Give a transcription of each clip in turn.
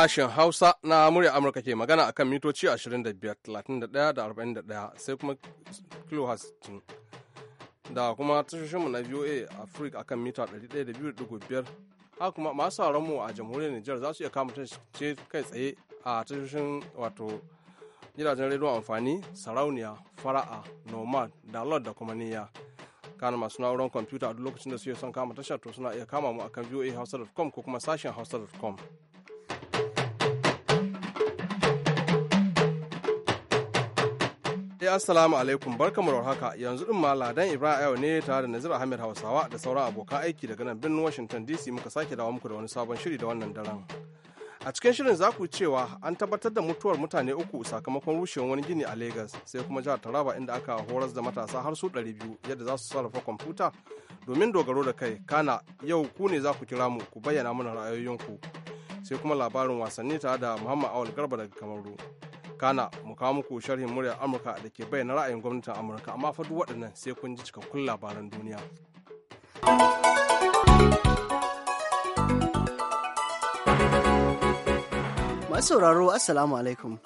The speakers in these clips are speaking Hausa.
sashen Hausa na murya Amurka ke magana akan mitoci 25, 31 da 41 sai kuma cin da kuma tashoshinmu na VOA Africa akan mita 102.5 ha kuma masu sauran mu a jamhuriyar Nijar za su iya kama tashoce kai tsaye a tashoshin wato gidajen rediyon amfani sarauniya fara'a nomad lord da kuma niyya kana masu na'urar kwamfuta a duk lokacin da suke son kama tashar to suna iya kama mu akan voahausa.com ko kuma sashen hausa.com Eh assalamu alaikum barkamu haka yanzu din ma Ladan Ibrahim Ayo ne tare da Nazir Ahmed Hausawa da sauran abokan aiki daga nan birnin Washington DC muka sake dawo muku da wani sabon shiri da wannan daren. A cikin shirin za ku cewa an tabbatar da mutuwar mutane uku sakamakon rushewar wani gini a Lagos sai kuma jihar Taraba inda aka horas da matasa har su 200 yadda za su sarrafa kwamfuta domin dogaro da kai kana yau ku ne za ku kira mu ku bayyana mana ra'ayoyinku sai kuma labarin wasanni tare da Muhammad Awal Garba daga Kamaru. kana muka muku sharhin muryar amurka da ke bayyana ra'ayin gwamnatin amurka amma fa duk waɗannan sai kun ji cikakkun labaran duniya masu sauraro assalamu alaikum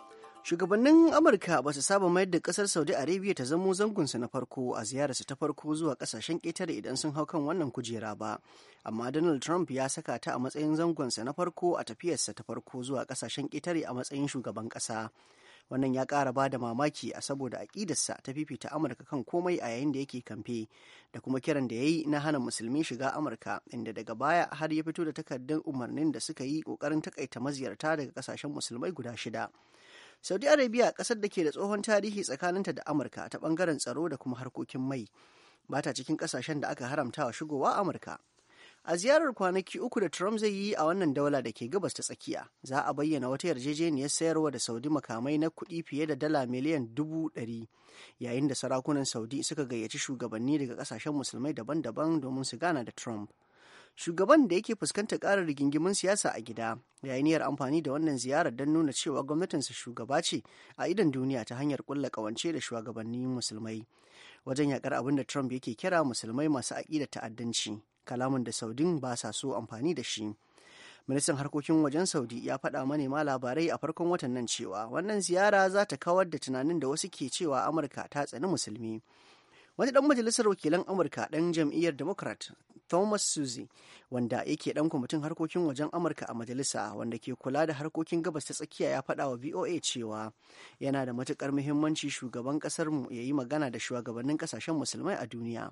shugabannin amurka ba su saba mayar da kasar saudi arabia ta zamo zangonsa na farko a ziyararsa ta farko zuwa kasashen ƙetare idan sun hau kan wannan kujera ba amma donald trump ya saka ta a matsayin zangonsa na farko a tafiyarsa ta farko zuwa kasashen ƙetare a matsayin shugaban ƙasa wannan ya kara ba da mamaki a saboda aƙidarsa ta fifita amurka kan komai a yayin da yake kamfe da kuma kiran da ya yi na hana musulmi shiga amurka inda daga baya har ya fito da takardun umarnin da suka yi ƙoƙarin takaita maziyarta daga ƙasashen musulmai guda shida saudi arabia ƙasar da ke da tsohon tarihi tsakaninta da amurka ta ɓangaren tsaro da kuma harkokin mai bata cikin ƙasashen da aka haramta wa shigowa amurka A ziyarar kwanaki uku da Trump zai yi a wannan daula da ke gabas ta tsakiya, za a bayyana wata yarjejeniyar sayarwa da Saudi makamai na kuɗi fiye da dala miliyan dubu ɗari, yayin da sarakunan Saudi suka gayyaci shugabanni daga ƙasashen musulmai daban-daban domin su gana da Trump. Shugaban da yake fuskantar ƙarar rigingimin siyasa a gida, ya yi niyyar amfani da wannan ziyarar don nuna cewa gwamnatinsa shugaba ce a idon duniya ta hanyar ƙulla ƙawance da shugabannin musulmai, wajen yaƙar abin da Trump yake kira musulmai masu aƙidar ta'addanci. kalamin da saudin ba sa so amfani da shi ministan harkokin wajen saudi ya faɗa manema labarai a farkon watan nan cewa wannan ziyara za ta kawar da tunanin da wasu ke cewa amurka ta tsani musulmi wani dan majalisar wakilan amurka dan jam'iyyar democrat thomas suzy wanda yake dan kwamitin harkokin wajen amurka a majalisa wanda ke kula da harkokin gabas ta tsakiya ya faɗa wa voa cewa yana da matukar muhimmanci shugaban ƙasarmu ya yi magana da shugabannin ƙasashen musulmai a duniya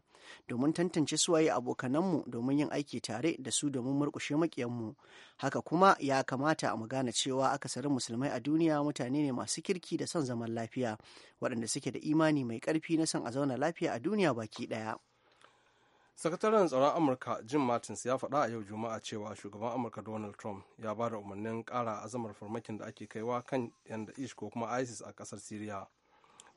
domin tantance suwaye abokananmu domin yin aiki tare da su domin murƙushe maƙiyanmu haka kuma ya kamata mu gane cewa akasarin musulmai a duniya mutane ne masu kirki da son zaman lafiya waɗanda suke da imani mai ƙarfi na son a zauna lafiya a duniya baki ɗaya. sakataren tsaron amurka jim martins ya faɗa a yau juma'a cewa shugaban amurka donald trump ya ba da umarnin ƙara azamar farmakin da ake kaiwa kan yan da'ish ko kuma isis a ƙasar syria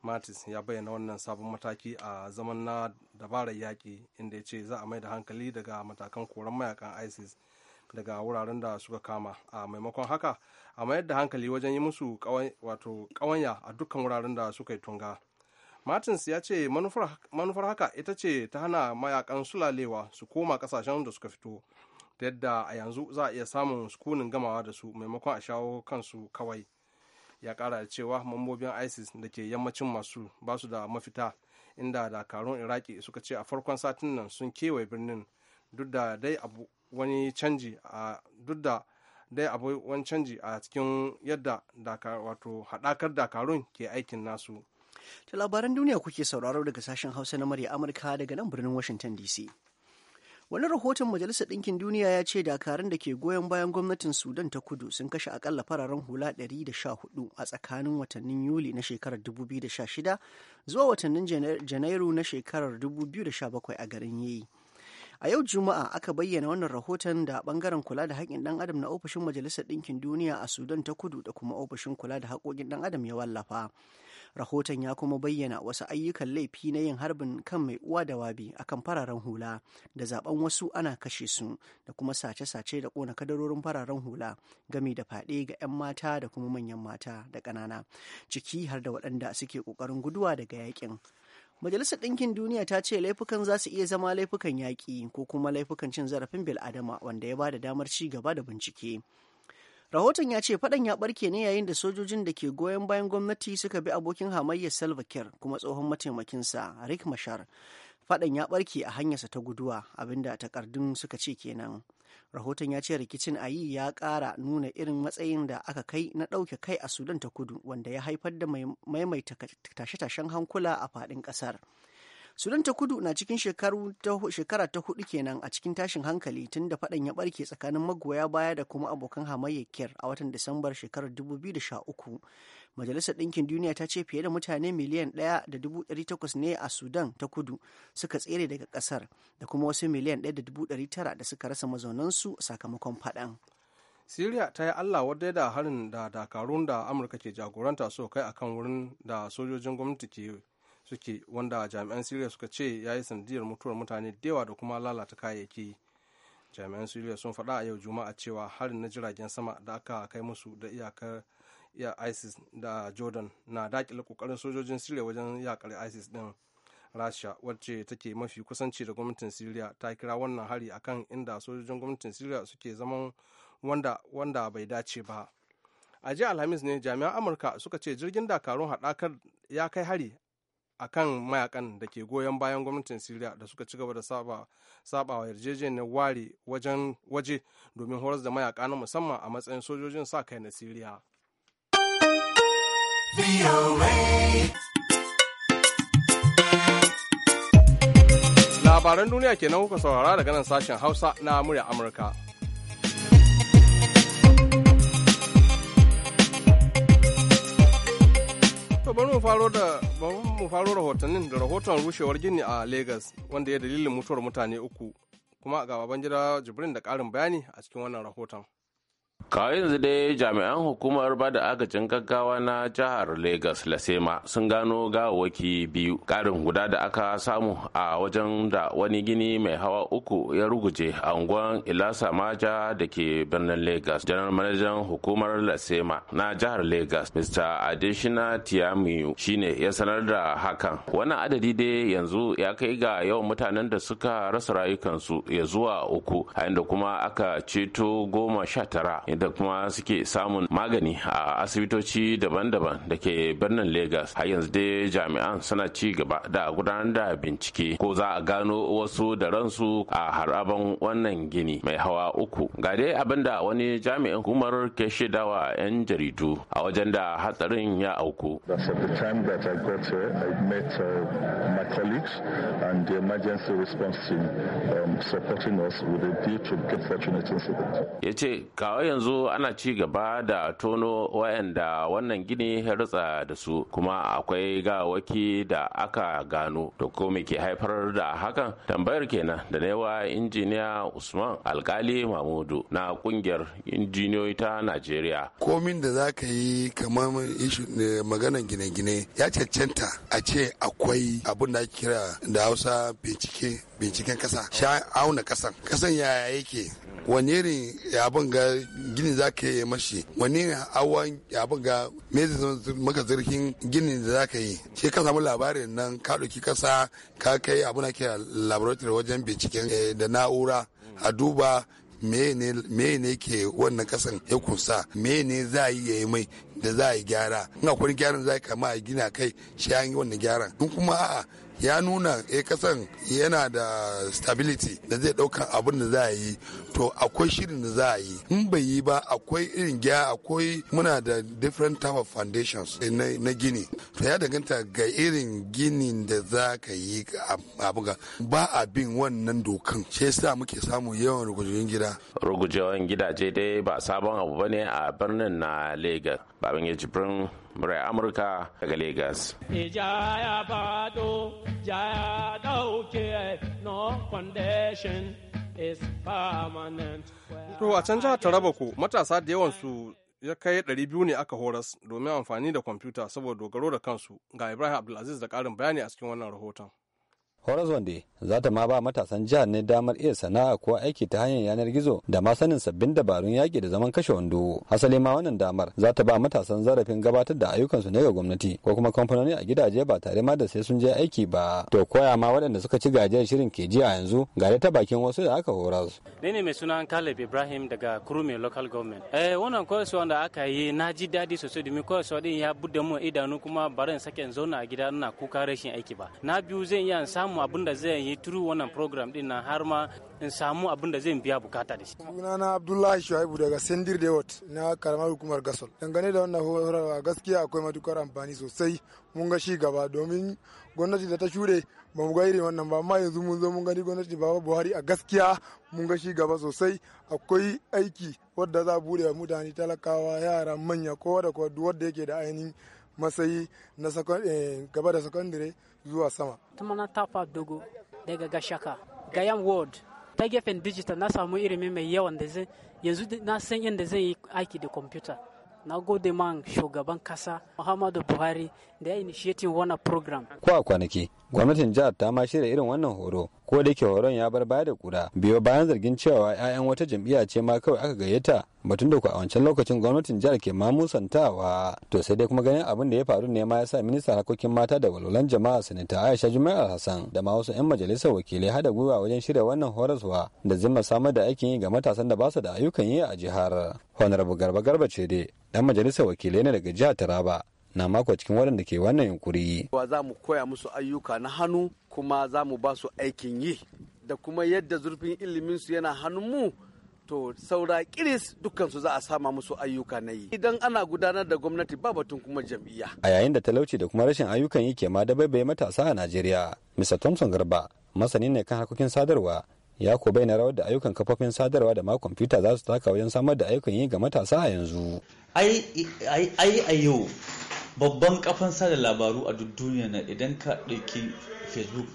martins ya bayyana wannan sabon mataki a zaman na dabarar yaƙi inda ya ce za a mai da hankali daga matakan koran mayakan isis daga wuraren da suka kama a maimakon haka a mayar da hankali wajen yi musu wato ƙawanya a dukkan wuraren da suka yi tunga martins ya ce manufar haka ita ce ta hana mayakan sulalewa su koma kasashen da suka fito ta yadda a yanzu za a iya samun sukunin gamawa da su maimakon a shawo kansu kawai ya kara da cewa mambobin isis da ke yammacin masu ba su da mafita inda dakarun iraki suka ce a farkon satin nan sun kewaye birnin duk da dai abu wani canji a duk da dai abu wani canji a cikin yadda wato haɗakar dakarun ke aikin nasu ta labaran duniya kuke sauraro daga sashen hausa na murya amurka daga nan birnin washington dc wani rahoton majalisar ɗinkin duniya ya ce dakarun da ke goyon bayan gwamnatin sudan ta kudu sun kashe akalla fararen hula 114 a tsakanin watannin yuli na shekarar 2016 zuwa watannin janairu na shekarar 2017 a garin yayi a yau juma'a aka bayyana wannan rahoton da bangaren kula da haƙƙin ɗan adam na ofishin majalisar ɗinkin duniya a sudan ta kudu da kuma ofishin kula da haƙoƙin ɗan adam ya wallafa rahoton ya kuma bayyana wasu ayyukan laifi na yin harbin kan mai uwa da wabi a kan fararen hula da zaben wasu ana kashe su da kuma sace-sace da kona kadarorin fararen hula gami da fade ga 'yan mata da kuma manyan mata da ƙanana ciki har da waɗanda suke ƙoƙarin guduwa daga yakin Majalisar Ɗinkin Duniya ta ce laifukan za su iya zama laifukan yaƙi ko kuma laifukan cin zarafin bil'adama wanda ya ba da damar ci gaba da bincike. Rahoton ya ce faɗan ya ɓarke ne yayin da sojojin da ke goyon bayan gwamnati suka bi abokin hamayya Salva Kiir kuma tsohon mataimakinsa Rick Mashar. Faɗan ya ɓarke a hanyarsa ta guduwa abinda takardun suka ce kenan. Rahoton ya ce rikicin ayi ya ƙara nuna irin matsayin da aka kai na ɗauke kai a Sudan ta kudu wanda ya haifar da maimaita tashe-tashen hankula a faɗin ƙasar. sudan ta kudu na cikin shekara ta hudu kenan a cikin tashin hankali tun da faɗan ya barke tsakanin magoya baya da kuma abokan hamayyar kyar a watan disambar shekarar 2013 majalisar ɗinkin duniya ta ce fiye da mutane miliyan ɗaya da ne a sudan ta kudu suka tsere daga ƙasar da kuma wasu miliyan ɗaya da dubu ɗari tara da suka rasa mazaunansu sakamakon faɗan Siriya ta yi Allah wadda da harin da dakarun da Amurka ke jagoranta so kai akan wurin da sojojin gwamnati ke suke wanda jami'an siriya suka ce ya yi sanadiyar mutuwar mutane da yawa da kuma lalata kayayyaki jami'an siriya sun faɗa a yau juma'a cewa harin na jiragen sama da aka kai musu da iyakar iya isis da jordan na dakile kokarin sojojin siriya wajen yakar isis din rasha wacce take mafi kusanci da gwamnatin siriya ta kira wannan hari akan inda sojojin gwamnatin siriya suke zaman wanda wanda bai dace ba a jiya alhamis ne jami'an amurka suka ce jirgin dakarun haɗakar ya kai hari a kan mayakan da ke goyon bayan gwamnatin Siriya da suka ci gaba da saba wa yarjejeniyar ware wajen waje domin horas da mayaka na musamman a matsayin sojojin sa kai na Siriya. Labaran duniya kenan kuka saurara daga nan sashen Hausa na murya Amurka. To bari mu faro da mu faro rahotannin da rahoton rushewar gini a Lagos wanda ya dalilin mutuwar mutane uku kuma ga baban gida Jibrin da ƙarin bayani a cikin wannan rahoton. kawai yanzu dai jami'an hukumar ba da agajin gaggawa na jihar Legas, lasema sun gano gawaki biyu karin guda da aka samu a wajen da wani gini mai hawa uku ya ruguje a unguwan ilasa maja da ke birnin Legas. janar manajan hukumar lasema na jihar Legas, mr adeshina tiamiyu shine ya sanar da hakan wannan adadi dai yanzu ya kai ga yawan mutanen da suka rasa rayukansu ya zuwa uku a kuma aka ceto goma sha tara da kuma suke samun magani a asibitoci daban-daban da ke birnin Legas. Har yanzu dai jami'an suna ci gaba da gudanar da bincike ko za a gano wasu da ransu a haraban wannan gini mai hawa uku. Ga dai abin da wani jami'in hukumar ke shaidawa 'yan jaridu a wajen da hatsarin ya auku. Uh, uh, um, ya ce, kawai yanzu ana ci gaba da tono wayanda wannan gini ya rutsa da su kuma akwai gawaki da aka gano da ko ke haifar da hakan tambayar kenan da newa injiniya usman alkali mamudu na kungiyar injiniyoyi ta najeriya komin da za ka yi kamar eh, maganan gine-gine ya cancanta a ce akwai abin da kira da hausa bincike binciken kasa sha auna kasan kasan yaya yake wani irin abin ga gini za ka yi mashi wani irin hawan abin ga mezi zama maka zirkin gini da za ka yi shi ka samu labarin nan ka ɗauki kasa ka kai abu na kira laboratory wajen binciken eh, da na'ura a duba meye ne ke wannan kasan ya kusa meye ne za a yi ya yi mai da za a yi gyara in akwai gyaran za a kama a gina kai shi an yi wannan gyaran in kuma a ya nuna ya eh, kasan yana da stability da zai daukan abin da za a yi to akwai shirin da za a yi in bai yi ba akwai irin gya akwai muna da different type of foundations eh, na gini to ya danganta ga irin gini da za ka yi abuga ba a bin wannan dokan shi yasa muke samu yawan rugujewan gida rugujewan gidaje dai ba sabon abu bane a birnin na lagos baban ya jibrin murai amurka daga lagos eh, ja ya dauke no foundation To a can jihar Taraba ko matasa da yawan su ya kai 200 ne aka horas domin amfani da kwamfuta saboda dogaro da kansu ga Ibrahim Abdulaziz da ƙarin bayani a cikin wannan rahoton. horizon day za ta ma ba matasan jihar ne damar iya sana'a ko aiki ta hanyar yanar gizo da ma sanin sabbin dabarun yaƙi da zaman kashe wando asali ma wannan damar za ta ba matasan zarafin gabatar da ayyukansu ne ga gwamnati ko kuma kamfanoni a gidaje ba tare ma da sai sun je aiki ba to koya ma waɗanda suka ci gajiyar shirin ke ji a yanzu gare ta bakin wasu da aka hora su ni ne mai suna Caleb Ibrahim daga Kurume local government eh wannan koyarwa da aka yi na ji daɗi sosai domin koyarwa din ya buɗe mu idanu kuma barin sakin zauna a gida ina kuka rashin aiki ba na biyu zan iya samu samu abin da zai yi turu wannan program din nan har ma in samu abin da zai biya bukata da shi. Sunana Abdullahi Shuaibu daga Sendir Dewot na karamar hukumar Gasol. Dangane da wannan horarwa gaskiya akwai matukar amfani sosai mun ga shi gaba domin gwamnati da ta shure ba mu ga irin wannan ba amma yanzu mun zo mun gani gwamnati baba Buhari a gaskiya mun ga shi gaba sosai akwai aiki wadda za a bude wa mutane talakawa yara manya kowa da kowa duk wanda yake da ainihin masayi na eh, gaba da sakandare zuwa sama tumana tafa dogo daga gashaka gayan ward ta gefen digital na samu ilimi mai yawan da zai yanzu na san yadda zai yi aiki da kwamfuta na gode man shugaban kasa muhammadu buhari da ya initiating wannan program ko kwanaki gwamnatin jihar ta ma shirya irin wannan horo ko da yake horon ya bar baya da kura biyo bayan zargin cewa 'ya'yan wata jam'iyya ce ma kawai aka gayyata batun da ku a wancan lokacin gwamnatin jihar ke ma musantawa to sai dai kuma ganin abin da ya faru ne ma ya sa ministan harkokin mata da walwalan jama'a sanita aisha juma'a hassan da ma wasu 'yan majalisar wakilai hada gwiwa wajen shirya wannan horaswa da zimma samar da aikin yi ga matasan da ba su da ayyukan yi a jihar honorable garba garba ce dai dan majalisar wakilai ne daga jihar taraba na mako cikin waɗanda ke wannan yunkuri. Wa za mu koya musu ayyuka na hannu kuma za mu ba su aikin yi da kuma yadda zurfin ilimin su yana hannun mu to saura kiris su za a sama musu ayyuka na yi idan ana gudanar da gwamnati ba batun kuma jam'iyya a yayin da talauci da kuma rashin ayyukan yi ke ma da bai matasa a najeriya mr thompson garba masani ne kan harkokin sadarwa ya ko bayyana rawar da ayyukan kafofin sadarwa da ma kwamfuta za su taka wajen samar da ayyukan yi ga matasa a yanzu ai ai ayo babban kafan sada labaru a duk duniya na idan ka ɗauki facebook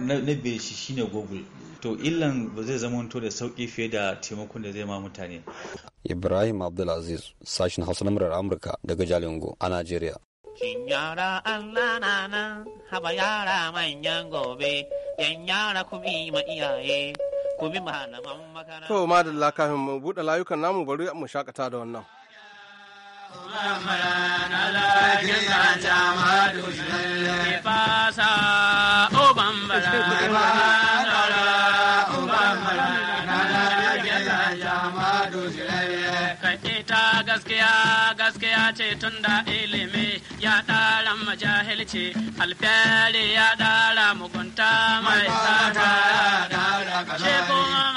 na biye shi shine google to illan ba zai zama to da sauƙi fiye da taimakon da zai ma mutane ibrahim abdulaziz sashen hausa na murar amurka daga jalingo a najeriya Kin yara Allah na nan, haba yara manyan gobe, yan yara bi ma iyaye, bi malaman makaranta. To, madalla kafin mu buɗe layukan namu bari mu shakata da wannan. gaskiya ce tun da ilimi ya ɗara majahilci alfiyari ya ɗara mugunta mai tsada. Shi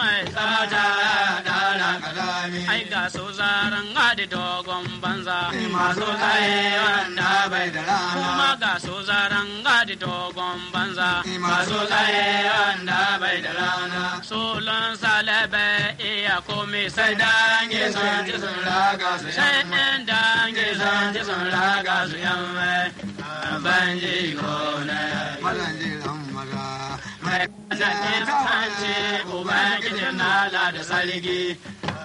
masu zaran haɗi dogon banza eh, masu tsaye wanda bai da rana kuma ga su zaran haɗi dogon banza eh, masu tsaye wanda bai da rana solon salabe iya komi sai dangi sun ji sun raga su sai dangi sun ji sun raga su yamme ban ji gona malan ji ran maga mai kanan ce ubangijin nala da saligi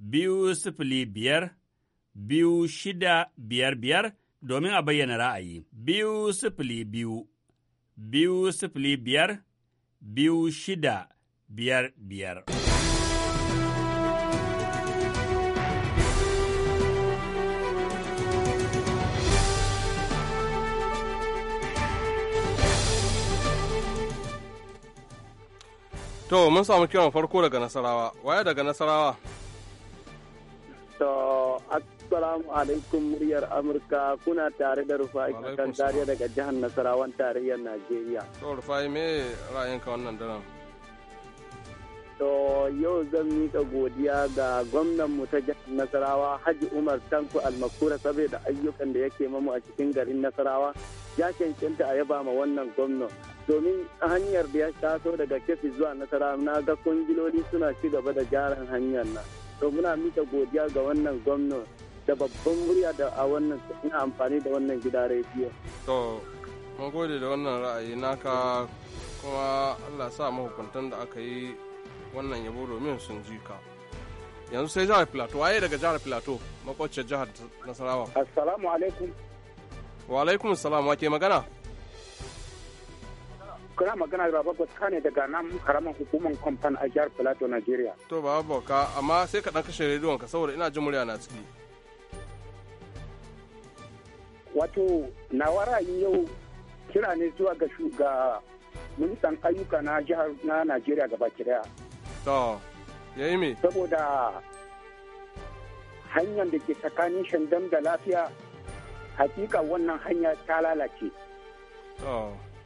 biyu sifili biyar biyu shida biyar biyar domin a bayyana ra'ayi biyu sifili biyu biyu sifili biyar biyu shida biyar biyar. To, mun samu kiran farko daga Nasarawa, waye daga Nasarawa? To, Assalamu alaikum muryar Amurka kuna tare da Rufai kan dariya daga jihar Nasarawan tarayyar Najeriya. To, Rufai me ra'ayinka wannan daren? To, yau zan mika godiya ga gwamnan mu ta jihar Nasarawa Haji Umar tanku Almakura saboda ayyukan da yake mamu a cikin garin Nasarawa ya cancanta a yaba ma wannan gwamnan. domin hanyar da ya taso daga kefi zuwa nasarawa na ga kungiloli suna ci gaba da gyaran hanyar nan to muna mika godiya ga wannan gwamna da babban murya da a wannan suna amfani da wannan gida rediyo to mun gode da wannan ra'ayi naka kuma Allah sa mahukuntan da aka yi wannan yabo domin sun ji ka yanzu sai jihar filato waye daga jihar filato makwacce jihar nasarawa assalamu alaikum wa alaikum assalam wa ke magana kuna magana da Baba ta ne daga nan karamin hukumar kwamfan a jihar Plateau, Nigeria. To Baba Boka, amma sai ka ɗan kashe rediyon ka saboda ina jin murya na ciki. Wato, nawa ra'ayin yau kira ne zuwa ga shuga ministan ayyuka na jihar na nigeria gaba kiraya To, yayi me? Saboda hanyar da ke tsakanin shandam da lafiya, hakika wannan hanya ta lalace.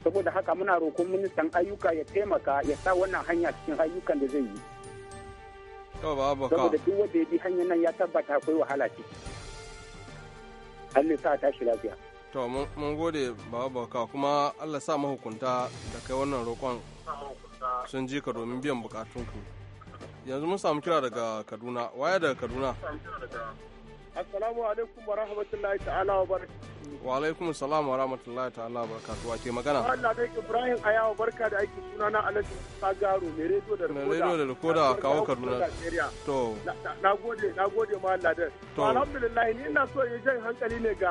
saboda haka muna rokon ministan ayyuka ya taimaka ya sa wannan hanya cikin ayyukan da zai yi saboda duk wanda ya bi hanyar nan ya tabbata akwai wahala ce Allah sa tashi lafiya to mun gode baba bauka kuma Allah sa mahukunta da kai wannan roƙon sun ji ka domin biyan bukatunku yanzu mun samu kira daga Kaduna waya daga Kaduna Assalamu alaikum wa rahmatullahi ta'ala wa barakatuhu. Wa alaikum salam wa rahmatullahi ta'ala wa barakatuhu. Wa ke magana? Allah dai Ibrahim Ayawa barka da aiki suna na Alhaji Sagaro mai rediyo da rikoda. Mai rediyo da rikoda kawo Kaduna. To. Na gode, ma Allah dai. Alhamdulillah ni ina so in jan hankali ne ga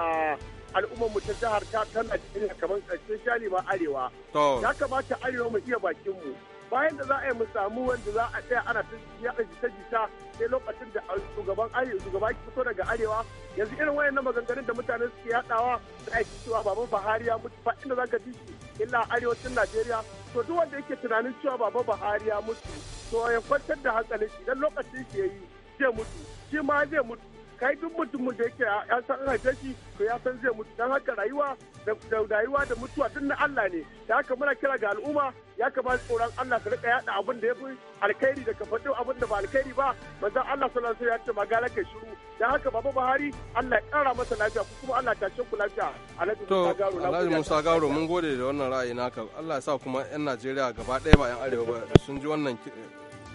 al'ummar mu ta jihar ta ta Najeriya kamar ƙarshen shali ma arewa. To. Ya kamata arewa mu iya bakin mu. bayan da za a yi mu samu wanda za a tsaya ana ta yaɗa jita-jita sai lokacin da shugaban arewa shugaba ki fito daga arewa yanzu irin na maganganun da mutane suke yaɗawa da ake cewa baban bahari ya mutu fa inda ka ji shi illa arewacin Najeriya to duk wanda yake tunanin cewa baban bahari ya mutu to ya kwantar da hankalin shi dan lokacin shi yi zai mutu shi ma zai mutu kai duk mutumin da yake ya san haife shi to ya san zai mutu dan haka rayuwa da rayuwa da mutuwa tun na Allah ne da haka muna kira ga al'umma ya kamata tsoron Allah su rika yada abin da ya fi alkhairi da faɗi abin da ba alkhairi ba zan Allah sallallahu alaihi wasallam ya ce magana ka shiru dan haka baba Buhari Allah ya kara masa lafiya kuma Allah ta ku lafiya Alhaji Musa Garo Alhaji Musa Garo mun gode da wannan ra'ayi naka Allah ya sa kuma yan Najeriya gaba ɗaya ba yan arewa ba sun ji wannan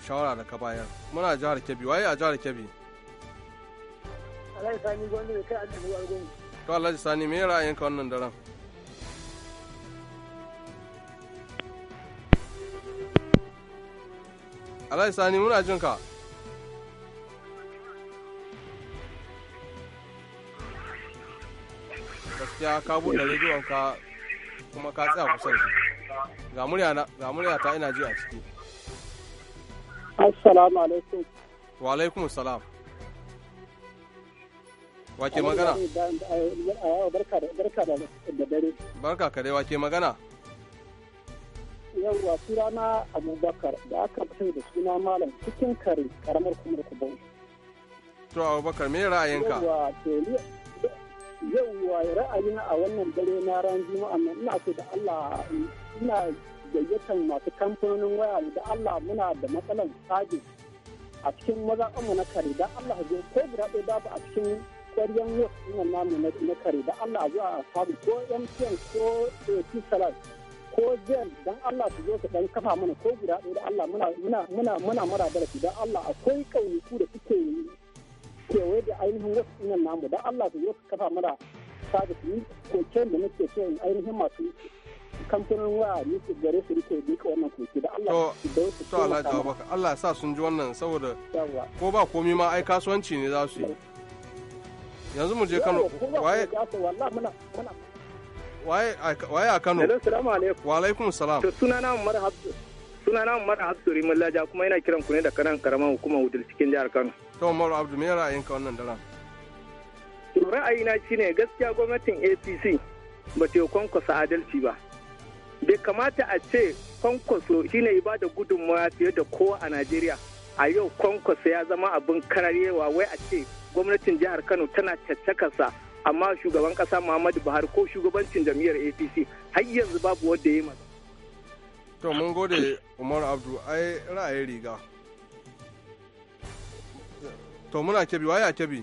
shawara da ka bayar muna jihar Kebbi waye a jihar Kebbi Alhaji Sani Gwanda ne kai Alhaji Gwanda. To Alhaji Sani me ra'ayinka wannan daren? Alhaji Sani muna jin ka. Gaskiya ka buɗe rediyon ka kuma ka tsaya kusa da shi. Ga murya na ga murya ta ina ji a ciki. Assalamu alaikum. Wa alaikum salam. Wake magana? Barka da dare. Barka ka dai wake magana? Yawwa sunana Abubakar da aka fi da suna malam cikin kare karamar kuma kubau. To Abubakar me ra'ayinka? Yawwa yawwa ra'ayina a wannan dare na ran juma'a nan ina so da Allah ina gayyatan masu kamfanonin waya da Allah muna da matsalan sabis a cikin mazaɓanmu na kare da Allah ko guda ɗaya babu a cikin ƙwaryen wasu namu na kare da Allah zuwa a samu ko MTN ko eh, Tisalat ko jen dan Allah su zo su dan kafa mana ko guda ɗaya da Allah muna muna muna muna maraba da su dan Allah akwai ku da suke kewaye da ainihin wasu ɗinan namu dan Allah su zo su kafa mana sabis ni koken da nake so ainihin masu kamfanin waya ni su gare su rike duka wannan koke da Allah su da wasu to Allah ya sa sun ji wannan saboda ko ba komai ma ai kasuwanci ne za su yi yanzu mu je Kano waye waye a Kano assalamu alaikum wa alaikum salam to sunana Umar Abdul sunana Umar Abdul Rimallaja kuma ina kiran ku ne da kanan karaman hukumar Wudul cikin jihar Kano to Umar Abdul me ka wannan daren to ra'ayina shine gaskiya gwamnatin APC ba ta kwankwasa adalci ba bai kamata a ce kwankwaso shine ya bada gudunmawa fiye da kowa a Najeriya a yau kwankwaso ya zama abin kararewa wai a ce gwamnatin jihar kano tana caccakarsa amma shugaban kasa muhammadu buhari ko shugabancin jam'iyyar apc har yanzu babu wanda ya masa to mun gode umar abdu ai ra'ayi riga to muna kebi waye a kebi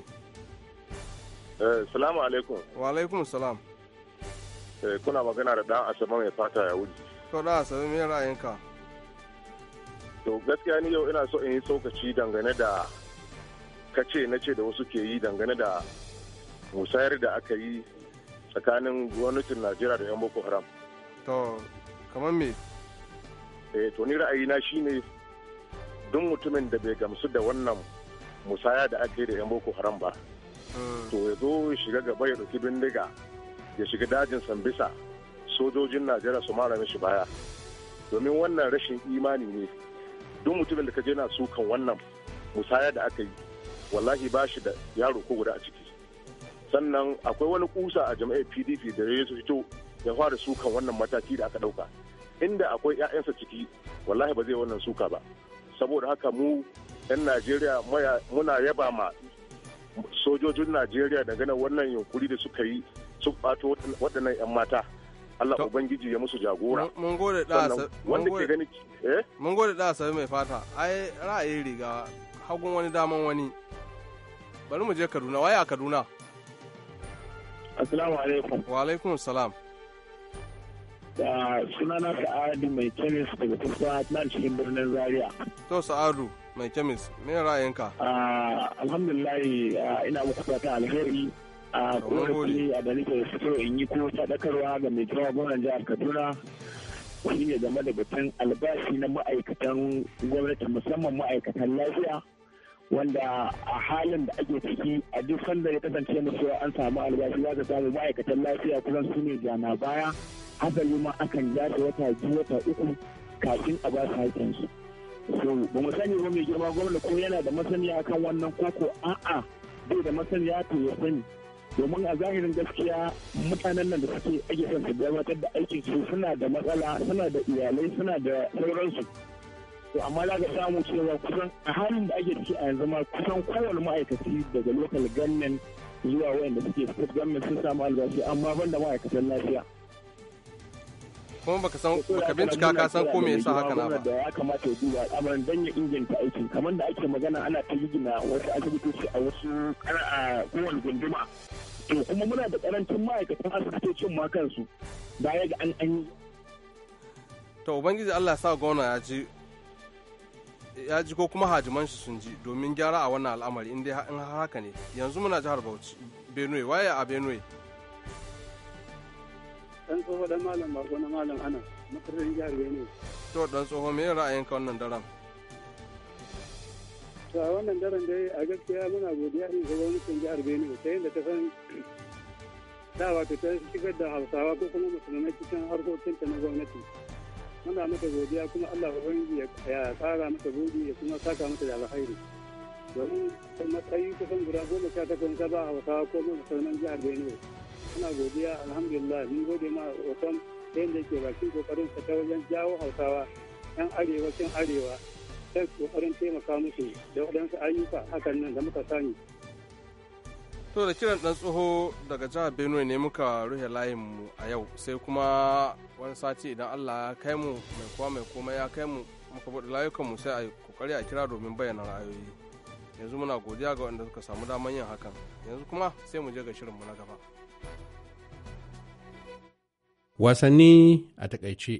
eh, salamu alaikum wa alaikum salam eh, kuna magana da dan asaba mai fata ya wuce to dan asaba me ra'ayinka to gaskiya ni yau ina so in yi tsokaci dangane da kace na ce da wasu ke yi dangane da musayar da aka yi tsakanin gwamnatin najeriya da yan boko haram to kamar me eh to ni ra'ayina shine duk mutumin da bai gamsu da wannan musaya da aka yi da yan boko haram ba hmm. to ya zo ya shiga gaba ya ɗauki bindiga ya shiga dajin sambisa sojojin najeriya su mara mishi baya domin wannan rashin imani ne duk mutumin da ka je na kan wannan musaya da aka yi wallahi ba shi da yaro ko guda a ciki sannan akwai wani kusa a jam'iyyar pdp da ya fito ya fara sukan wannan mataki da aka dauka inda akwai 'ya'yansa ciki wallahi ba zai wannan suka ba saboda haka mu 'yan najeriya muna yaba ma sojojin najeriya gana wannan yunkuri da suka yi su bato waɗannan 'yan mata allah ubangiji ya musu jagora mun gode da wanda ke gani eh mun gode da mai fata ai ra'ayin riga hagun wani daman wani bari mu je kaduna waye kaduna assalamu alaikum wa alaikum salam da sunana sa'adu mai kemis daga kusa nan cikin birnin zaria to sa'adu mai kemis me ra'ayinka ah, alhamdulillah ah, ina muku fata alheri ah, a kowace a da nake fito in yi ko sadakarwa ga mai jawa gwamnan jihar kaduna shi ne game da batun albashi na ma'aikatan gwamnati musamman ma'aikatan lafiya wanda a halin da ake ciki a duk sanda ya kasance da cewa an samu albashi za ka samu ma'aikatan lafiya kusan su ne jana baya hasali ma akan ja wata biyu wata uku kafin a ba su su. so ba mu sani ba mai girma gwamna ko yana da masaniya kan wannan koko a'a bai da masaniya to ya sani domin a zahirin gaskiya mutanen nan da suke ake son su gabatar da aikin su suna da matsala suna da iyalai suna da sauransu to amma za ka samu cewa kusan a halin da ake ciki a yanzu ma kusan kowane ma'aikaci daga lokal gannan zuwa wayanda suke state government sun samu albashi amma ban da ma'aikatan lafiya kuma baka san baka bincika ka san ko me yasa haka na ba da ya kamata ya duba al'amarin dan ya inganta aiki kamar da ake magana ana ta gina wasu asibitoci a wasu a kowane gunduma to kuma muna da karancin ma'aikatan asibitocin ma kansu baya ga an an yi to ubangiji Allah sa gona ya ji ya ji ko kuma hajiman shi sun ji domin gyara a wannan al'amari in dai haka ne yanzu muna jihar Bauchi Benue waye a Benue dan tsoho dan malam bago na malam ana makarin jihar Benue to dan tsoho me ka wannan daren to a wannan daren dai a gaskiya muna godiya ne ga gwamnatin jihar Benue ta yadda ta san dawa ta shigar da Hausawa ko kuma musulmai cikin harkokinta na gwamnati muna mata godiya kuma Allah wani ya tsara mata buɗi ya kuma saka mata da alkhairi domin matsayi kusan guda goma sha takwas ta ba hausawa ko masarautar jihar Benue muna godiya alhamdulillah ni gode ma hoton yadda ke bakin kokarin sa ta wajen jawo hausawa yan arewa cin arewa sai kokarin taimaka musu da waɗansu ayyuka hakan nan da muka sani to da kiran dan tsoho daga jihar benue ne muka ruhe layin mu a yau sai kuma wani sati idan allah ya kai mu mai kowa mai komai ya kai mu muka buɗe layukanmu sai a kokari a kira domin bayyana ra'ayoyi yanzu muna godiya ga wanda suka samu daman yin hakan yanzu kuma sai mu je ga shirin mu na gaba wasanni a takaice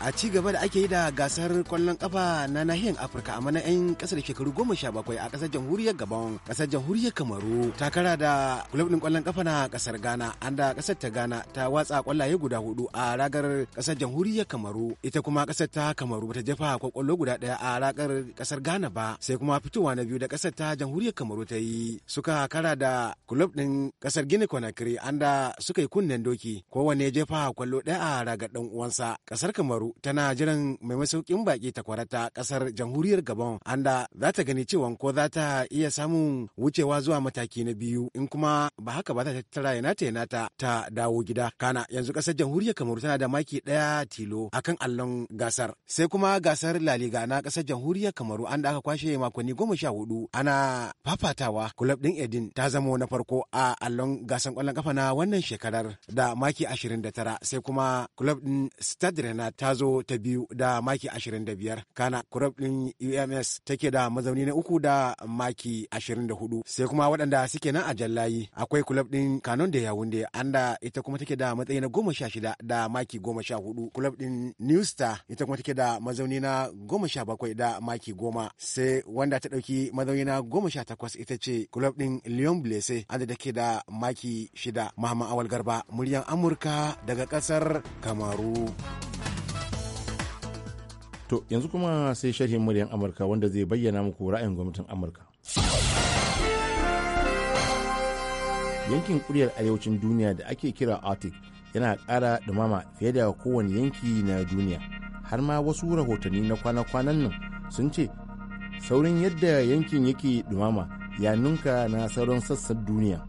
a ci gaba da ake yi da gasar kwallon kafa na nahiyar afirka a mana 'yan kasar shekaru goma sha bakwai a kasar jamhuriyar gabon kasar jamhuriyar kamaru takara da kulob din kwallon kafa na kasar ghana an da kasar ta ghana ta watsa kwallaye guda hudu a ragar kasar jamhuriyar kamaru ita kuma kasar ta kamaru bata jefa kwakwallo guda daya a ragar kasar ghana ba sai kuma fitowa na biyu da kasar ta jamhuriyar kamaru ta yi suka kara da kulub din kasar gini konakiri an da suka yi kunnen doki kowanne jefa kwallo daya a ragar dan uwansa kasar kamaru tana jiran mai masaukin baki ta kwarata kasar jamhuriyar gabon anda za ta gani cewa ko za ta iya samun wucewa zuwa mataki na biyu in kuma ba haka ba za ta tattara yana ta yana ta ta dawo gida kana yanzu kasar jamhuriyar kamaru tana da maki daya tilo akan allon gasar sai kuma gasar laliga na kasar jamhuriyar kamaru anda aka kwashe makonni goma sha hudu ana fafatawa kulab din edin ta zamo na farko a allon gasan kwallon kafa na wannan shekarar da maki ashirin da tara sai kuma kulab din stade ta zo ta biyu da maki 25 kana kurab din ums take da mazauni na uku da maki 24 sai kuma waɗanda suke nan a jallayi akwai kulab din kanon da yawunde anda ita kuma take da matsayi na goma da maki goma sha kulab din new star ita kuma take da mazauni na goma da maki goma sai wanda ta ɗauki mazauni na goma sha takwas ita ce kulab din leon blese anda take da maki shida mahama awal garba muryan amurka daga ƙasar kamaru. To yanzu kuma sai sharhin muryan Amurka wanda zai bayyana muku ra'ayin gwamnatin Amurka. Yankin kuryar arewacin duniya da ake kira Arctic yana ƙara ɗumama fiye da kowane yanki na duniya. Har ma wasu rahotanni na kwana-kwanan nan sun ce saurin yadda yankin yake ɗumama ya nunka na sauran sassan duniya.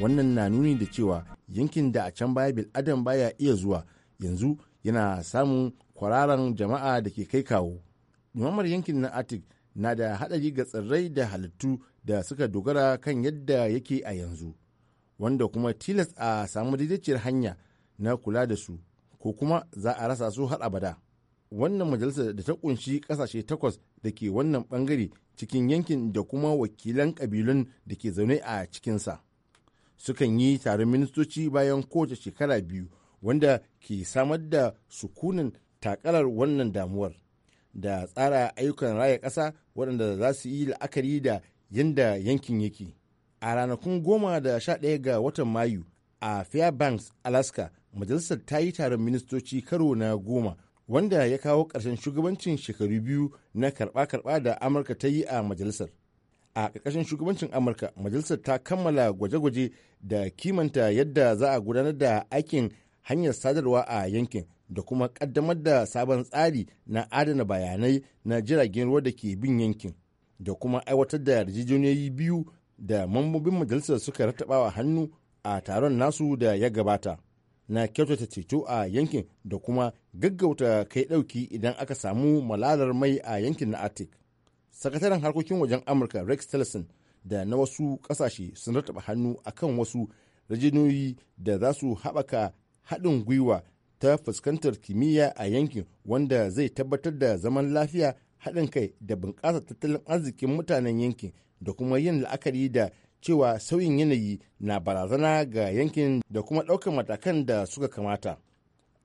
Wannan na nuni da cewa yankin da a can baya bil'adam baya iya zuwa yanzu yana samun kwararan jama'a da ke kai kawo imamar yankin na arctic na da haɗari ga tsirrai da halittu da suka dogara kan yadda yake a yanzu wanda kuma tilas a samu daidaiciyar hanya na kula da su ko kuma za a rasa su har abada wannan majalisa da ta kunshi kasashe takwas da ke wannan bangare cikin yankin da kuma wakilan kabilun da ke zaune a cikinsa sukan yi taron ministoci bayan kowace shekara biyu wanda ke samar da sukunin takalar wannan damuwar da tsara ayyukan raya ƙasa waɗanda za su yi la'akari da yadda yankin yake a ranakun goma da sha ɗaya ga watan mayu a fairbanks alaska majalisar ta yi taron ministoci karo na goma wanda ya kawo ƙarshen shugabancin shekaru biyu na karɓa-karɓa da amurka ta yi a majalisar a ƙarƙashin shugabancin amurka majalisar ta kammala gwaje-gwaje da kimanta yadda za a gudanar da aikin hanyar sadarwa a yankin da kuma kaddamar da sabon tsari na adana bayanai na jiragen ruwa da ke bin yankin da kuma aiwatar da yarjejeniyoyi biyu da mambobin majalisar suka rattabawa hannu a taron nasu da ya gabata na kyautata ceto a yankin da kuma gaggauta kai dauki idan aka samu malalar mai a yankin na arctic sakataren harkokin wajen amurka rex tillerson da na wasu kasashe sun rattaba hannu akan wasu rajinoyi da za su haɓaka haɗin gwiwa ta fuskantar kimiyya a yankin wanda zai tabbatar da zaman lafiya haɗin kai da bunƙasa tattalin arzikin mutanen yankin da kuma yin la'akari da cewa sauyin yanayi na barazana ga yankin da kuma ɗaukar matakan da suka kamata.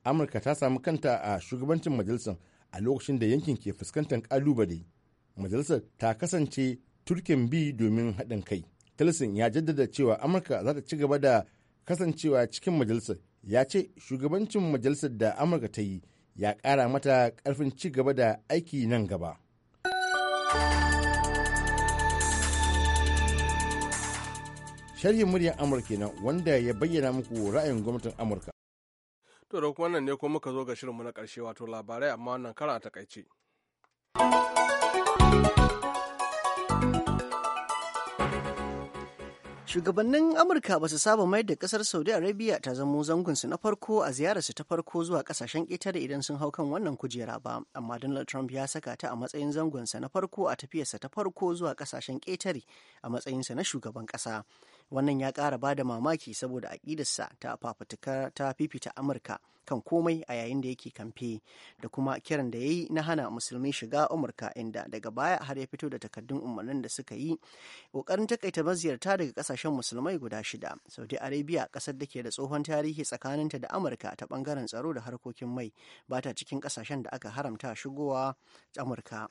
Amurka ta samu kanta a shugabancin majalisar a lokacin da yankin ke fuskantar ƙalubale. Majalisar ta kasance turkin bi domin haɗin kai. Tilson ya jaddada cewa Amurka za ta ci gaba da kasancewa cikin majalisar ya ce shugabancin majalisar da amurka ta yi ya kara mata karfin ci gaba da aiki nan gaba sharhin muryar amurka na wanda ya bayyana muku ra'ayin gwamnatin amurka to da kuma nan ne ko muka zo ga shirinmu na karshe wato labarai amma wannan kara a takaice. Shugabannin Amurka ba su saba mai da kasar Saudi Arabia ta zamo su na farko a ziyararsu ta farko zuwa kasashen ƙetare idan sun hau kan wannan kujera ba, amma Donald Trump ya saka ta a matsayin zangonsa na farko a tafiyarsa ta farko zuwa kasashen ƙetare a matsayinsa na shugaban ƙasa. wannan ya kara ba da mamaki saboda aƙidarsa ta fafutuka ta fifita amurka kan komai a yayin da yake kamfe da kuma kiran da ya yi na hana musulmi shiga amurka inda daga baya har ya fito da takardun umarnin da suka yi ƙoƙarin takaita maziyarta daga ƙasashen musulmai guda shida saudi arabia ƙasar da ke da tsohon tarihi tsakaninta da amurka ta ɓangaren tsaro da harkokin mai ba ta cikin ƙasashen da aka haramta shigowa amurka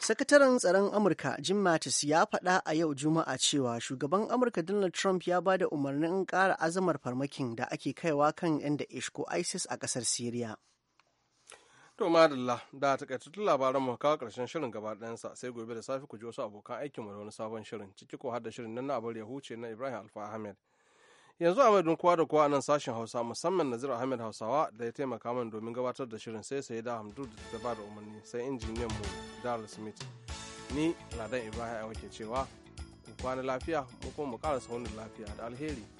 Sakataren tsaron Amurka Jim Mattis ya faɗa a yau Juma'a cewa shugaban Amurka Donald Trump ya ba da umarnin ƙara azamar farmakin da ake kaiwa kan 'yan da ko ISIS a ƙasar Siriya. To madalla da takaitattun labaran mu kawo ƙarshen shirin gaba sa sai gobe da safe ku ji wasu abokan mu da wani sabon shirin ciki ko har da shirin nan na abar ya huce na Ibrahim Alfa Ahmed. yanzu a don kowa da kowa nan sashen hausa musamman nazir ahmed hausawa da ya taimaka min domin gabatar da shirin sai sai da hamdu da ba da umarni sai injiniyan mu daryl smith ni ladan ibrahim ke cewa kwana lafiya mu kuma mu karasa wani lafiya da alheri